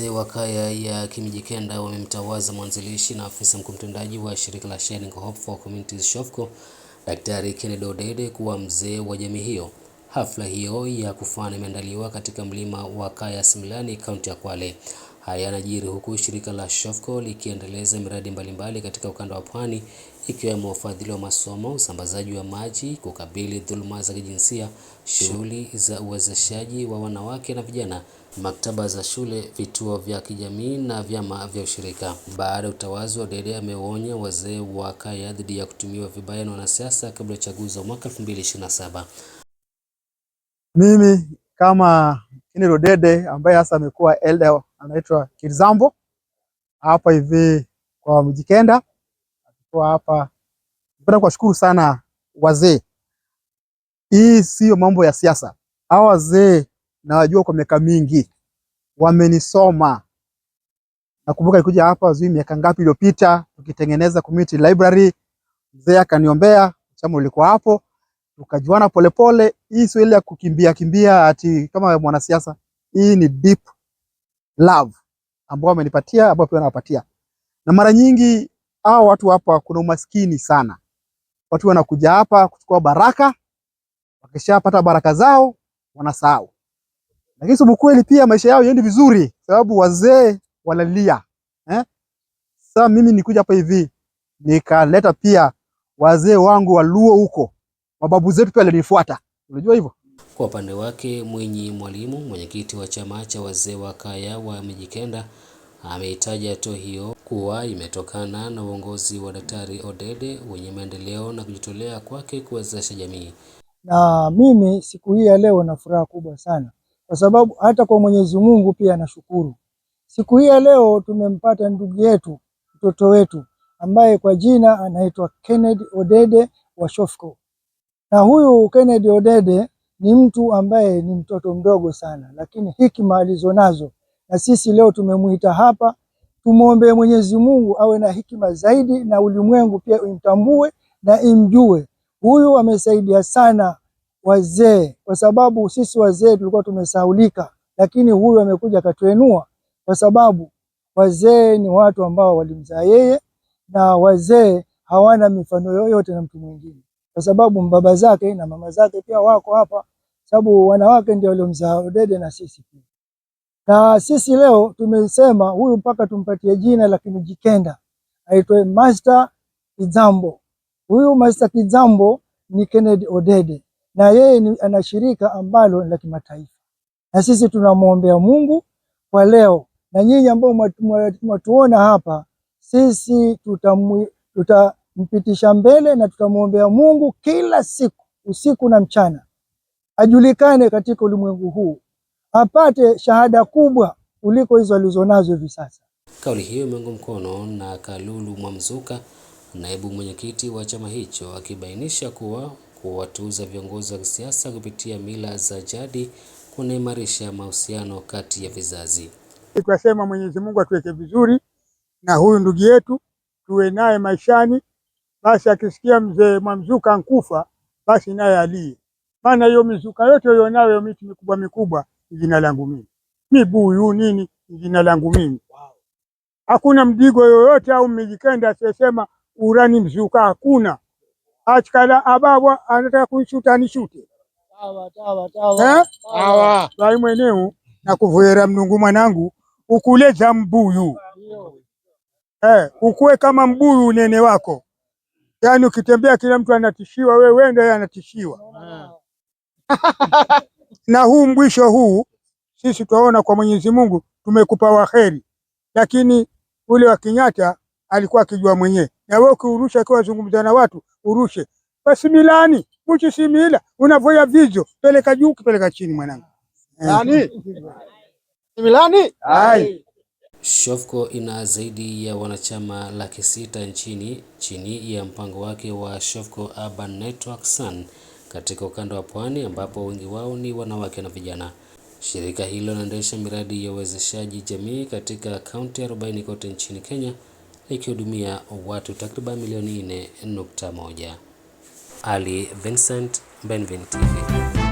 Wazee wa kaya ya Kimijikenda wamemtawaza mwanzilishi na afisa mkuu mtendaji wa shirika la Sharing Hope for Communities SHOFCO, Daktari Kennedy Odede kuwa mzee wa jamii hiyo. Hafla hiyo ya kufana imeandaliwa katika mlima wa Kaya Similani, kaunti ya Kwale. Haya yanajiri huku shirika la Shofco likiendeleza miradi mbalimbali katika ukanda wa pwani ikiwemo ufadhili wa masomo, usambazaji wa maji, kukabili dhuluma za kijinsia, shughuli za uwezeshaji wa wanawake na vijana, maktaba za shule, vituo vya kijamii na vyama vya ushirika. Baada ya utawazi wa Dede ameuonya wazee wa kaya dhidi ya kutumiwa vibaya na wanasiasa kabla ya uchaguzi wa mwaka 2027. Mimi kama Kinilo Dede ambaye hasa amekuwa elder anaitwa Kilizambo hapa hivi kwa Mjikenda kwa hapa. Napenda kuwashukuru sana wazee, hii sio mambo ya siasa. Hawa wazee nawajua kwa miaka mingi, wamenisoma. Nakumbuka nilikuja hapa zui miaka ngapi iliyopita, tukitengeneza community library, mzee akaniombea chama, ulikuwa hapo, tukajuana polepole. Hii sio ile ya kukimbia kimbia ati kama mwanasiasa, hii ni deep love ambao wamenipatia ambao pia wanawapatia. Na mara nyingi hao watu hapa kuna umaskini sana. Watu wanakuja hapa kuchukua baraka, wakishapata baraka zao wanasahau. Lakini sababu kweli pia maisha yao yendi vizuri, sababu wazee walalia. Eh? Sasa mimi nikuja hapa hivi nikaleta pia wazee wangu Waluo huko, mababu zetu pia walinifuata. Unajua hivyo? Kwa upande wake Mwinyi Mwalimu, mwenyekiti wa chama cha wazee wa kaya wa Mijikenda, ameitaja hatua hiyo kuwa imetokana na uongozi wa Daktari Odede wenye maendeleo na kujitolea kwake kuwezesha jamii. Na mimi siku hii ya leo na furaha kubwa sana, kwa sababu hata kwa Mwenyezi Mungu pia nashukuru. Siku hii ya leo tumempata ndugu yetu, mtoto wetu ambaye kwa jina anaitwa Kennedy Odede Washofko, na huyu Kennedy Odede ni mtu ambaye ni mtoto mdogo sana, lakini hikima alizonazo, na sisi leo tumemwita hapa, tumwombee Mwenyezi Mungu awe na hikima zaidi, na ulimwengu pia imtambue na imjue huyu. Amesaidia sana wazee, kwa sababu sisi wazee tulikuwa tumesahulika, lakini huyu amekuja akatuenua, kwa sababu wazee ni watu ambao walimzaa yeye, na wazee hawana mifano yoyote na mtu mwingine kwa sababu baba zake na mama zake pia wako hapa, sababu wanawake ndio waliomzaa Odede na sisi pia. Na sisi leo tumesema huyu mpaka tumpatie jina la Kimijikenda aitwe Master Kizambo. Huyu Master Kizambo ni Kennedy Odede na yeye ni ana shirika ambalo la kimataifa, na sisi tunamwombea Mungu kwa leo, na nyinyi ambao mwatuona hapa sisi tuta, tuta mpitisha mbele na tutamwombea Mungu kila siku usiku na mchana, ajulikane katika ulimwengu huu, apate shahada kubwa kuliko hizo alizonazo hivi sasa. Kauli hiyo imeungwa mkono na Kalulu Mwamzuka, naibu mwenyekiti wa chama hicho, akibainisha kuwa kuwatuza viongozi wa kisiasa kupitia mila za jadi kunaimarisha mahusiano kati ya vizazi. Tunasema Mwenyezi Mungu atuweke vizuri na huyu ndugu yetu tuwe naye maishani, basi akisikia mzee Mwamzuka nkufa, basi naye alie, maana hiyo mizuka yote hiyo nayo miti mikubwa mikubwa jina langu mimi, mibuyu nini jina langu mimi. Hakuna mdigo yoyote au mmejikenda asiyesema urani mzuka, hakuna achikala ababwa anataka kunishuta anishute ai mweneu nakuvuyera mnungu mwanangu, ukuleza mbuyu eh, ukuwe kama mbuyu unene wako Yaani ukitembea kila mtu anatishiwa, wewe wende yeye anatishiwa. Na huu mwisho huu sisi twaona kwa Mwenyezi Mungu tumekupa waheri, lakini ule wa kinyata alikuwa akijua mwenyewe. Na wewe ukiurusha kwa zungumza na watu urushe basi milani mchi si mila unavoya vizo peleka juu, ukipeleka chini mwanangu milani eh. hai Shofco ina zaidi ya wanachama laki sita nchini chini ya mpango wake wa Shofco Urban Network Sun katika ukanda wa pwani ambapo wengi wao ni wanawake na vijana. Shirika hilo linaendesha miradi ya uwezeshaji jamii katika kaunti 40 kote nchini Kenya likihudumia watu takriban milioni 4.1. Ali Vincent, Benvin TV.